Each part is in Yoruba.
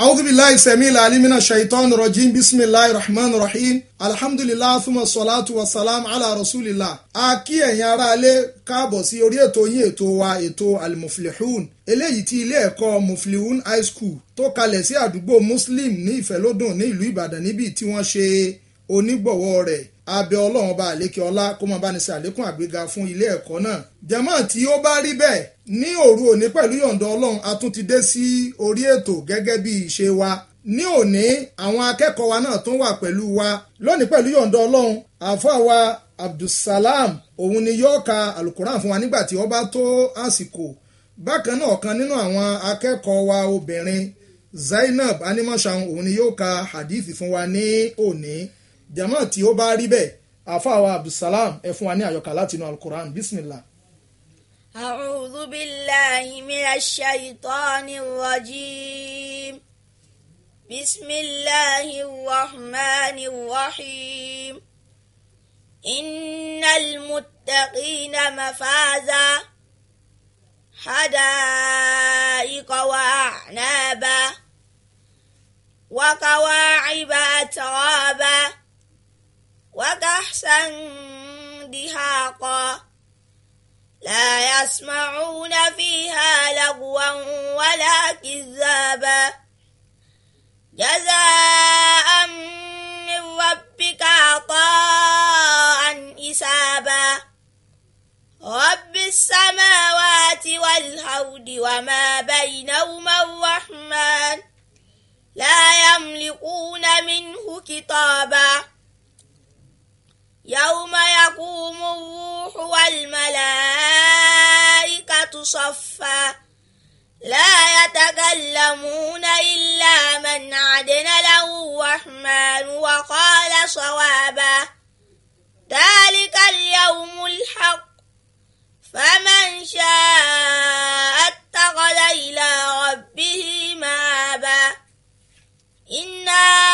أعوذ بالله السميع العليم من الشيطان الرجيم بسم الله الرحمن الرحيم الحمد لله ثم الصلاة والسلام على رسول الله a kí ẹ̀yin aráalé káàbọ̀ sí orí ètò yín ètò wa ètò almuflihun eléyìí tí ilé ẹ̀kọ́ muflihun high school tó kalẹ̀ sí àdúgbò muslim ní ìfẹ́lódùn ní ìlú ìbàdàn níbi tí wọ́n ṣe onígbọ̀wọ́ rẹ̀ abẹ́ ọlọ́run ọba àlékè ọlá kó máa bá ní ṣe àlékún àgbéga fún ilé ẹ̀kọ́ náà jàmáà tí ó bá rí bẹ́ẹ̀ ní òru òní pẹ̀lú yọ̀ǹda ọlọ́run a tún ti dé sí orí ètò gẹ́gẹ́ bí ìṣe wa ní òní àwọn akẹ́kọ̀ọ́ wa náà tún wà pẹ̀lú wa lónìí pẹ̀lú yọ̀ǹda ọlọ́run àfáà wa abdulsalam òun ni yóò ka alukoran fún wa nígbà tí ó bá tó àsìkò bákan náà kan nínú àwọn akẹ́kọ̀ọ́ wa obìnrin zainab animashan òun ni yóò ka hadith fún wa ní òní jama tí ó bá rí bẹ́ẹ̀ àfáà wa abdulsalam ẹ fún wa ní àyọkà látinú alukoran bismillah. أعوذ بالله من الشيطان الرجيم بسم الله الرحمن الرحيم إن المتقين مفازا حدائق وأعنابا وكواعب أترابا وكحسا دهاقا لا يسمعون فيها لغوا ولا كذابا جزاء من ربك عطاء إسابا رب السماوات والأرض وما بينهما الرحمن لا يملكون منه كتابا يوم يقوم الروح والملائكة صفا لا يتكلمون إلا من عدن له الرحمن وقال صوابا ذلك اليوم الحق فمن شاء اتخذ إلى ربه مآبا إِنَّا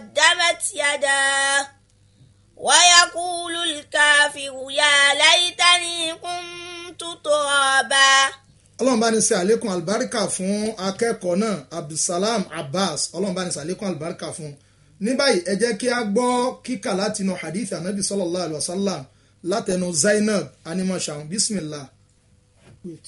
قدمت يداه ويقول الكافر يا ليتني كنت ترابا ọlọ́run bá ní ṣe àlékún àlùbáríkà fún akẹ́kọ̀ọ́ náà abdulsalam abbas ọlọ́run bá ní ṣe àlékún àlùbáríkà fún ní báyìí ẹ jẹ́ kí a gbọ́ kíkà láti inú hadith anabi sallallahu alayhi wa sallam látẹnu zainab animashan bismillah. Wait.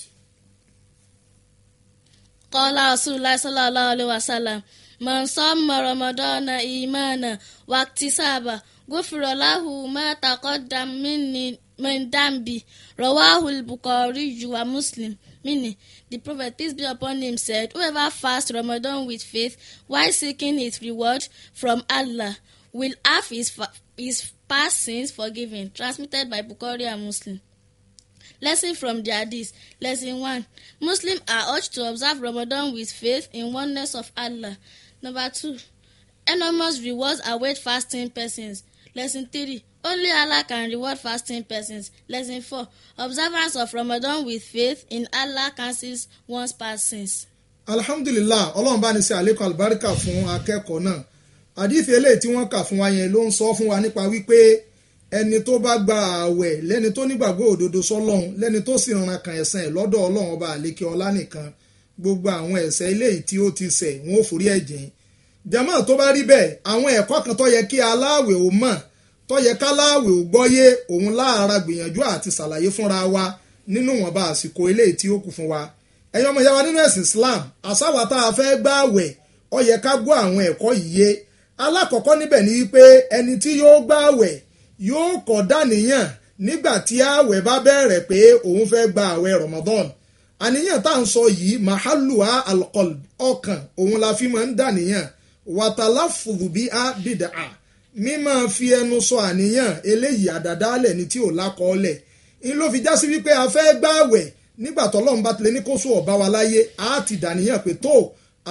قال رسول الله صلى الله عليه وسلم من صام رمضان إيمانا واكتسابا غفر له ما تقدم من من dambi رواه البخاري ومسلم meaning the prophet peace be upon him said whoever fasts ramadan with faith while seeking his reward from allah will have his, his past sins forgiven transmitted by bukhari and muslim Lesson from the Hadith. Lesson one: Muslims are urged to observe Ramadan with faith in oneness of Allah. Number two: Enormous rewards await fasting persons. Lesson three: Only Allah can reward fasting persons. Lesson four: Observance of Ramadan with faith in Allah cancels one's past sins. alhamdulillah ọlọ́run bá ní ṣe àlékún àlùbáríkà fún akẹ́kọ̀ọ́ náà àdìfẹ́ eléyìí tí wọ́n kà fún wa yẹn ló ń sọ fún wa nípa wípé ẹni tó bá gba ààwẹ̀ lẹ́ni tó nígbàgbọ́ òdodo sọ́lọ́hun lẹ́ni tó sì ran kan ẹ̀san ẹ̀ lọ́dọ̀ ọlọ́run ọba àlékè ọlá nìkan gbogbo àwọn ẹ̀ṣẹ̀ eléyìí tí ó ti ṣẹ̀ wọn ò forí ẹ̀jìn jàmáà tó bá rí bẹ́ẹ̀ àwọn ẹ̀kọ́ kan tó yẹ kí aláàwẹ̀ ò mọ̀ tó yẹ káláàwẹ̀ ò gbọ́yé òun láàárọ̀ gbìyànjú àti ṣàlàyé fúnra wa nínú ìwọ̀nba àsìkò eléyìí tí ó Islam àsáwà tá a fẹ́ gbà àwẹ̀ ó yẹ ká gbọ́ ni pé ẹni tí yóò yóò kọ́ dàníyàn nígbà tí ààwẹ̀ bá bẹ̀rẹ̀ pé òun fẹ́ gba ààwẹ̀ Ramadan àníyàn tá à ń sọ yìí mahalua alqol ọkàn òun la fi máa ń dàníyàn wàtálà fùdùbí a bìdàá mímọ́ fi ẹnu sọ àníyàn eléyìí àdàdálẹ̀ ni tí ò lákọọ́lẹ̀ ń ló fi já sí wípé a fẹ́ gbààwẹ̀ nígbà tọ́lọ́run bá tilẹ̀ ní kó ọ̀bá wa láyé a ti dàníyàn pé tó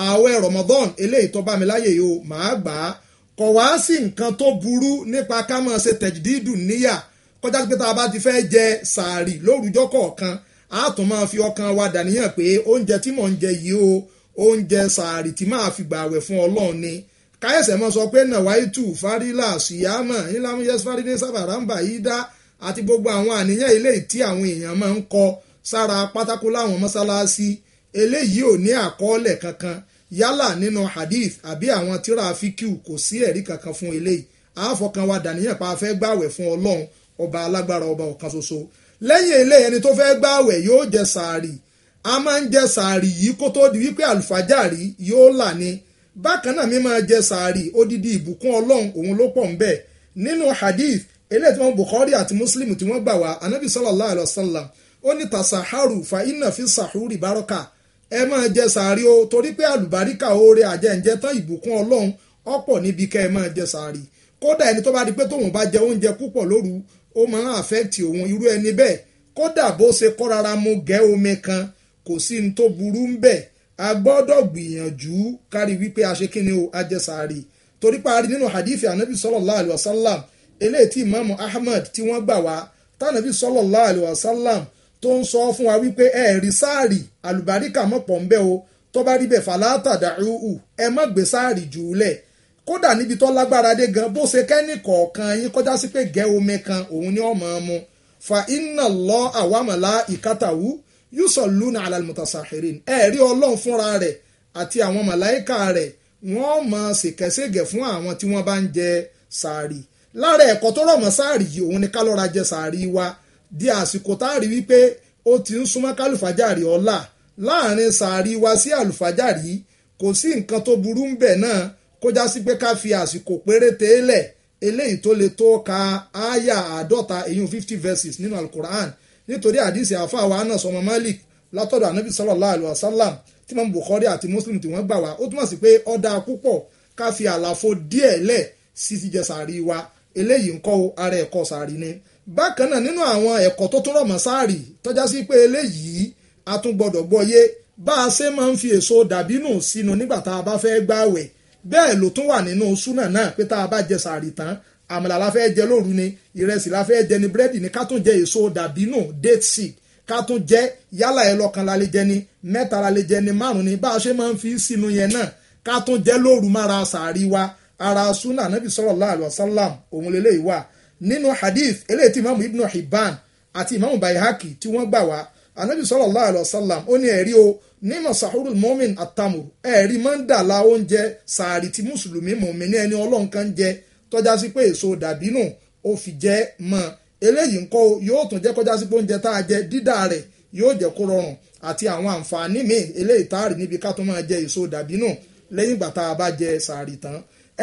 ààwẹ̀ Ramadan eléyìí tó bá mi láyè yìí o màá gbà kò wá sí nǹkan tó burú nípa ká máa ṣe tẹ̀jídìdù níyà kọjá pé tá a bá ti fẹ́ jẹ sàárì lórúkọ kọ̀ọ̀kan a tún máa fi ọkàn wa dàníyàn pé oúnjẹ tí mò ń jẹ yìí o oúnjẹ sàárì tí máa fi gbààwẹ̀ fún ọlọ́run ni káyọ̀sẹ̀ mọ́ sọ pé nàwáìtù fárílà síyámọ̀ ńlámúyẹ́sì fárílẹ̀ sábàrámbà yìí dá àti gbogbo àwọn àníyàn eléyìí tí àwọn èèyàn máa ń kọ sára pátákó láwọn mọ́sálásí eléyìí ò ní àkọọ́lẹ̀ kankan yálà nínú hadith àbí àwọn tíra fíkìú kò sí ẹ̀rí kankan fún eléyìí àáfọkàn wa dàníyàn pa afẹ́ gbààwẹ̀ fún ọlọ́run ọba alágbára ọba ọ̀kan ṣoṣo lẹ́yìn eléyìí ẹni tó fẹ́ gbààwẹ̀ yóò jẹ sàárì a máa ń jẹ sàárì yìí kó tó di wípé àlùfájàrí yóò là ní bákan náà mi máa jẹ sàárì odidi ìbùkún ọlọ́run òun ló pọ̀ ń nínú hadith eléyìí tí wọ́n Bukhari àti Muslim tí wọ́n gbà wá anabi sallallahu alayhi wa sallam ó ní tasaharu fa inna fi sahuri baraka ẹ máa jẹ sàárì o torí pé àlùbáríkà oore àjẹǹjẹ tán ìbùkún ọlọ́run ọ̀pọ̀ níbi kẹ́ ẹ máa jẹ sàárì kódà ẹni tó bá di pé tóun bá jẹ oúnjẹ púpọ̀ lóru ó máa ń àfẹ́ǹtì òun irú ẹni bẹ́ẹ̀ kódà bó ṣe kọ́ rárá mo gẹ́ omi kan kò sí ní tó burú ń bẹ̀ a gbọ́dọ̀ gbìyànjú kárí wípé a ṣe kíni o a jẹ sàárì torí parí nínú hadith anabi sallallahu alayhi wa sallam eléyìí tí imaamu ahmed tí wọ́n gbà wá tánàbí sallallahu alayhi wa tó ń sọ fún wa wípé ẹ rí sáàrì àlùbáríkà mọ̀pọ̀ ń bẹ́ o tó bá rí bẹ́ẹ̀ fàlátà dàrúhù ẹ má gbé sáàrì jù ú lẹ̀ kódà níbi tó lágbára dé gan bó ṣe kẹ́ni kọ̀ọ̀kan yín kọjá sí pé gẹ́ omi kan òun ni ọmọ mu fa iná lọ àwàmọ̀lá ìkátàwú yusuf luna alalmutasahirin ẹ rí ọlọ́run fúnra rẹ̀ àti àwọn màláìka rẹ̀ wọ́n mọ̀ ṣèkẹ́ṣègẹ̀ fún àwọn tí wọ́n bá ń jẹ sàárì lára ẹ̀kọ́ tó rọ̀ mọ́ sàárì yìí òun ni ká lọ́ra jẹ sàárì wa di àsìkò tá a rí wípé ó ti ń súnmọ́ kálùfájàrí ọ̀la láàrin sàárì wa sí àlùfájàrí kò sí nǹkan tó burú ń bẹ̀ náà kó já sí pé ká fi àsìkò péréte lẹ̀ eléyìí tó le tó ka áyà àádọ́ta èyí fifty verses nínú alukur'an nítorí àdìsí àfáà wa Anas ọmọ Malik látọ̀dọ̀ anabi sallallahu alayhi wa sallam tí mọ̀ Bukhari àti Muslim tí wọ́n gbà wá ó túmọ̀ sí pé ọ̀dà púpọ̀ ká fi àlàfo díẹ̀ lẹ̀ sí ti jẹ sàárì wa eléyìí ń kọ́ ara ẹ̀kọ́ sàárì ni bákan náà nínú àwọn ẹ̀kọ́ tó tún rọ̀mọ́ sáàrì tọ́já sí pé eléyìí a tún gbọ́dọ̀ gbọ́yé bá a ṣe máa ń fi èso dàbínù sínú nígbà tá a bá fẹ́ gbààwẹ̀ bẹ́ẹ̀ ló tún wà nínú súnà náà pé tá a bá jẹ sàárì tán àmàlà la fẹ́ jẹ lóru ni ìrẹsì la fẹ́ jẹ ni búrẹ́dì ni ká tún jẹ èso dàbínù date seed ká tún jẹ yálà ẹ lọ́kan la lè jẹ ni mẹ́ta la lè jẹ ni márùn ni bá a ṣe máa ń fi sínú yẹn náà ká tún jẹ lóru mára sàárì wa ara súnà nàbì sallallahu alaihi wasallam òun lélẹ́yìí wà nínú hadith eléyìí tí ìmáàmù ibnu hibban àti ìmáàmù bayhaki tí wọ́n gbà wá anabi sallallahu alayhi wa sallam ó ní ẹ̀rí o nímọ̀ sahurul mu'min atamur ẹ̀rí máa ń dà la oúnjẹ sàárì tí mùsùlùmí mùmíní ẹni ọlọ́run kan jẹ tọ́já sí pé èso dàbínù ó fi jẹ́ mọ́ eléyìí ńkọ́ yóò tún jẹ́ kọjá sí pé oúnjẹ tá a jẹ dídà rẹ̀ yóò jẹ́ kó rọrùn àti àwọn àǹfààní míì eléyìí tá a rí níbi ká tó máa jẹ èso dàbínù lẹ́yìn ìgbà tá a bá jẹ sàárì tán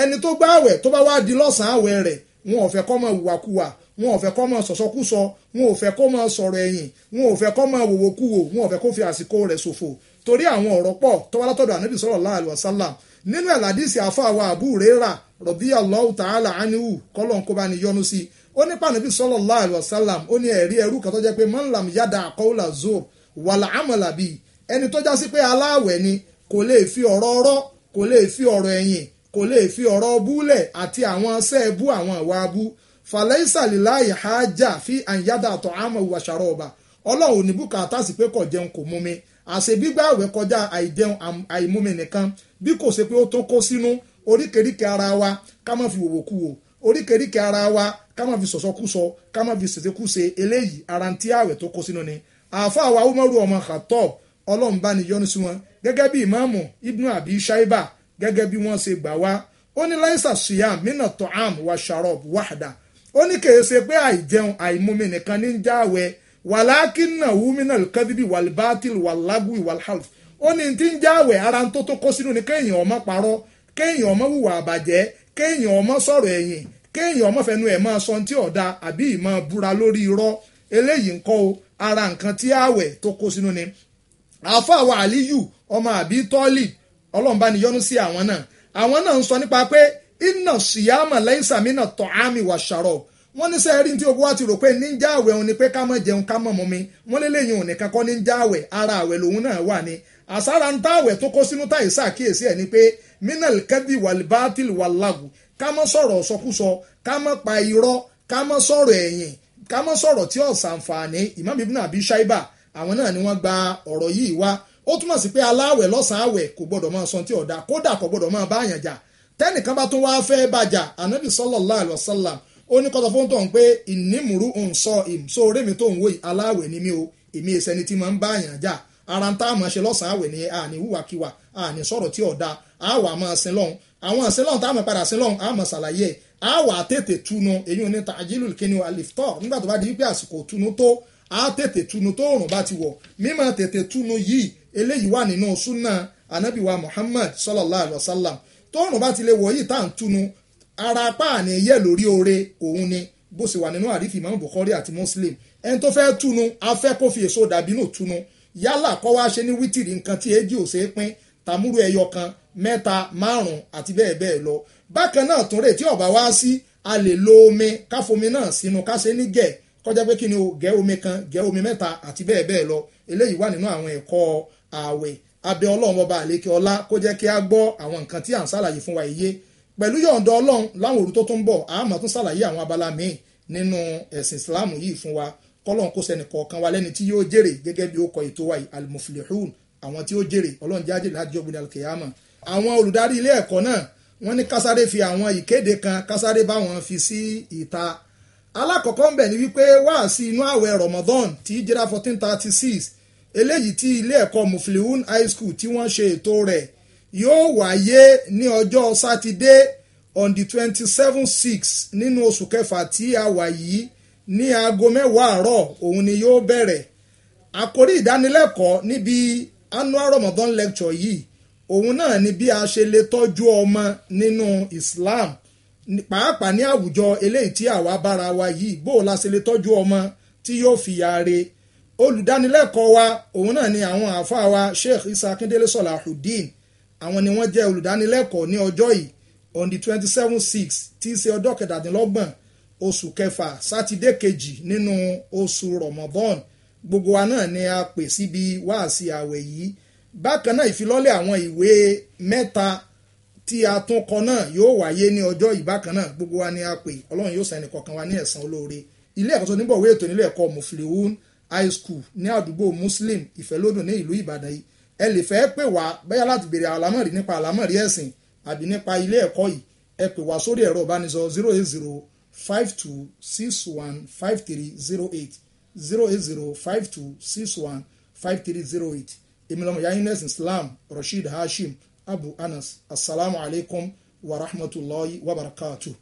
ẹni tó gbààwẹ̀ tó bá wá di lọ́sàn-án àwẹ̀ rẹ̀ wọn ò fẹ́ kọ́ mọ ìwàkuwà wọn ò fẹ́ kọ́ mọ sọ̀sọ́kúsọ wọn ò fẹ́ kó mọ sọ̀rọ̀ ẹ̀yìn wọn ò fẹ́ kọ́ mọ wòwòkuwò wọn ò fẹ́ kó fi àsìkò rẹ̀ ṣòfò torí àwọn ọ̀rọ̀ pọ̀ tọ́wálátọ̀dọ̀ ànábì sallallahu alaihi wasallam nínú ẹ̀làdísì àfàwà àbú rẹ́rà radiyallahu ta'ala anhu kọ́lọ́n kó bá ní yọnu sí ó ní pànàbí sallallahu alaihi wasallam ó ní ẹ̀rí ẹrú kan tó yada qawla zur wal amala bi ẹni tó já sí pé aláàwẹ̀ ni kò lè kò lè fi ọ̀rọ̀ búlẹ̀ àti àwọn sẹ́ẹ̀bù àwọn ìwà abú fàlẹ́ ìsàlìláyà hájà fi àyàdà àtọ̀ àmọ̀ ìwà ṣàrọ̀ ọ̀bà ọlọ́run ní bùkátà sí pé kò jẹun kò mumi àṣẹ gbígbà àwẹ̀ kọjá àìjẹun àìmumi nìkan bí kò ṣe pé ó tó kó sínú oríkèéríkèé ara wa ká má fi wòwò kú wò oríkèéríkèé ara wa ká má fi sọ̀sọ́kúsọ ká má fi ṣèṣekúṣe eléyìí ara ń tí àwẹ̀ tó kó sínú ni àáfà wa umaru ọmọ khatọ ọlọ́run bá ní yọ́nú sí wọn gẹ́gẹ́ bí ìmáàmù ibnu abi shaiba gẹ́gẹ́ bí wọ́n ṣe gbà wá ó ní láìsà suyam mina toham wa sharob wahda ó ní kèé ṣe pé àìjẹun àìmumi nìkan ní jáwẹ́ wàlákin náà wúmínà kẹ́bíbí wàlbátìl wàlágù wàlhálf ó ní ti ń jáwẹ́ ara tó tó kó sínú ni kéèyàn ọmọ parọ́ kéèyàn ọmọ hùwà àbàjẹ́ kéèyàn ọmọ sọ̀rọ̀ ẹ̀yìn kéèyàn ọmọ fẹnu ẹ̀ máa sọ tí ọ̀dà àbí ìmọ̀ búra lórí irọ́ eléyìí ń kọ́ o ara nǹkan tí àwẹ̀ tó kó sínú ni àfàwọ̀ àlíyù ọmọ àbí tọ́lì ọlọ́run bá ní yọ́nú sí àwọn náà àwọn náà ń sọ nípa pé iná ṣìyàmà lẹ́yìn sàmínà tọ́ àmì wà ṣàrọ̀ wọ́n ní sẹ́ẹ̀rí tí ogun wa ti rò pé níjà àwẹ̀ òun ni pé ká má jẹun ká má mumi wọ́n lé lẹ́yìn òní kankan níjà àwẹ̀ ara àwẹ̀ lòun náà wà ní àsára ń tá àwẹ̀ tó kó sínú táyì sàkíyèsí ẹ̀ ni pé minal kẹ́bí wàlbátil wàlágù ká má sọ̀rọ̀ sọkúsọ ká má pa irọ́ ká má sọ̀rọ̀ ẹ̀yìn ká má sọ̀rọ̀ tí ọ̀sàǹfààní Imam Ibn Abi Shaiba àwọn náà ni wọ́n gba ọ̀rọ̀ yìí wá ó túmọ̀ sí pé aláwẹ̀ lọ́sàn-án àwẹ̀ kò gbọ́dọ̀ máa sọ tí ọ̀dà kódà kò gbọ́dọ̀ máa bá àyàn tẹ́nìkan bá tún wáá fẹ́ bàjà ànábì sallallahu alaihi wasallam ó ní kọ́tọ̀ fóun tó ń pé ìnímùrú òun sọ ìm so orí mi tó ń wòye aláwẹ̀ ni mí o èmi ìsẹni tí máa ń bá àyàn ara ń tá àmọ́ ṣe lọ́sàn ni àní hùwàkiwà àní sọ̀rọ̀ tí ọ̀dà àwà máa sin lọ́hùn àwọn àsin lọ́hùn táwọn padà sin lọ́hùn àmọ̀ ṣàlàyé ẹ̀ àwà tètè túnu èyí ò ní ta àjílù kíni àlìftọ́ nígbà tó bá di wípé àsìkò túnu tó a tètè túnu tó òrùn bá ti wọ̀ mímọ̀ tètè túnu yìí eléyìí wà nínú súnà anábìwá Muhammad sallallahu alayhi wa sallam tóòrùn bá ti lè wọ̀ yìí tá à ń túnu ara apá àní yẹ lórí oore òun ni bó ṣe wà nínú àrífì Imam Bukhari àti Muslim ẹni tó fẹ́ túnu afẹ́ kó fi èso dàbínù túnu yálà kọ́ wá ṣe ní wítìrì nǹkan tí èjì ò ṣe é pín tàmúrú ẹyọ kan mẹ́ta márùn-ún àti bẹ́ẹ̀ bẹ́ẹ̀ lọ bákan náà tún rè tí ọ̀bà wá sí a lè lo omi káfomi náà sínú káṣe ní gẹ̀ẹ́ kọjá pé kí ni o gẹ́ omi kan gẹ́ omi mẹ́ta àti bẹ́ẹ̀ bẹ́ẹ̀ lọ eléyìí wà nínú àwọn ẹ̀kọ́ ààwẹ̀ abẹ ọlọ́run ọba àlékè ọlá kó jẹ́ kí a gbọ́ àwọn nǹkan tí à ń ṣàlàyé fún wa yìí pẹ̀lú yọ̀ǹda ọlọ́run láwọn òru tó tún bọ̀ a máa tún ṣàlàyé àwọn abala míì nínú ẹ̀sìn islam yìí fún wa kọ́lọ́n kó sẹ́ni kọ̀ọ̀kan wa lẹ́ni tí yóò jèrè gẹ́gẹ́ bí ó kọ ètò wa yìí almuflihun àwọn tí ó jèrè ọlọ́run jáde láti jọ́ gbẹdẹ alkiyama àwọn olùdarí ilé ẹ̀kọ́ náà wọ́n ní kásáré fi àwọn ìkéde kan kásáré báwọn fi sí ìta alákọ̀ọ́kọ́ ń bẹ̀ ni wípé wáàsí inú àwẹ̀ ramadan tí jẹ́ra fourteen thirty six eléyìí tí ilé ẹ̀kọ́ mufliun high school tí wọ́n ṣe ètò rẹ̀ yóò wáyé ní ọjọ́ sátidé on the twenty seven six nínú oṣù kẹfà tí a wà yìí ní aago mẹ́wàá àárọ̀ òun ni yóò bẹ̀rẹ̀ àkórí ìdánilẹ́kọ̀ọ́ níbi annual Ramadan lecture yìí òun náà ni bí a ṣe lè tọ́jú ọmọ nínú Islam pàápàá ní àwùjọ eléyìí tí àwa bára wa yìí bó o la ṣe lè tọ́jú ọmọ tí yóò fi yára olùdánilẹ́kọ̀ọ́ wa òun náà ni àwọn àáfàá wa Sheikh Isa Akindele Salahuddin àwọn ni wọ́n jẹ́ olùdánilẹ́kọ̀ọ́ ní ọjọ́ yìí on the twenty seven six tí í ṣe ọjọ́ kẹtàdínlọ́gbọ̀n oṣù kẹfà sátidé kejì nínú oṣù rọmọbọ́n gbogbo wa náà ni a pè síbi wáàsí àwẹ̀ yìí bákan náà ìfilọ́lẹ̀ àwọn ìwé mẹ́ta tí a tún kọ náà yóò wáyé ní ọjọ́ yìí bákan náà gbogbo wa ni a pè ọlọ́run yóò sẹ́ni kọ̀ọ̀kan wa ní ẹ̀san olóore ilé ẹ̀kọ́ tó níbọ̀ wé ètò nílé ẹ̀kọ́ mufliun high school ní àdúgbò muslim ìfẹ́lódùn ní ìlú ìbàdàn yìí ẹ lè fẹ́ pè wá bẹ́yà láti béèrè àlámọ̀rí nípa àlámọ̀rí ẹ̀sìn àbí nípa ilé ẹ̀kọ́ yìí ẹ pè wá sórí ẹ̀rọ ìbánisọ̀rọ̀ zero eight zero five two six one five three zero eight zero eight zero five two six one five three zero eight èmi lọ́mọ yahoo nurse islam rasheed hashim abu anas asalaamualeykum wa rahmatulahi wa barakatuh.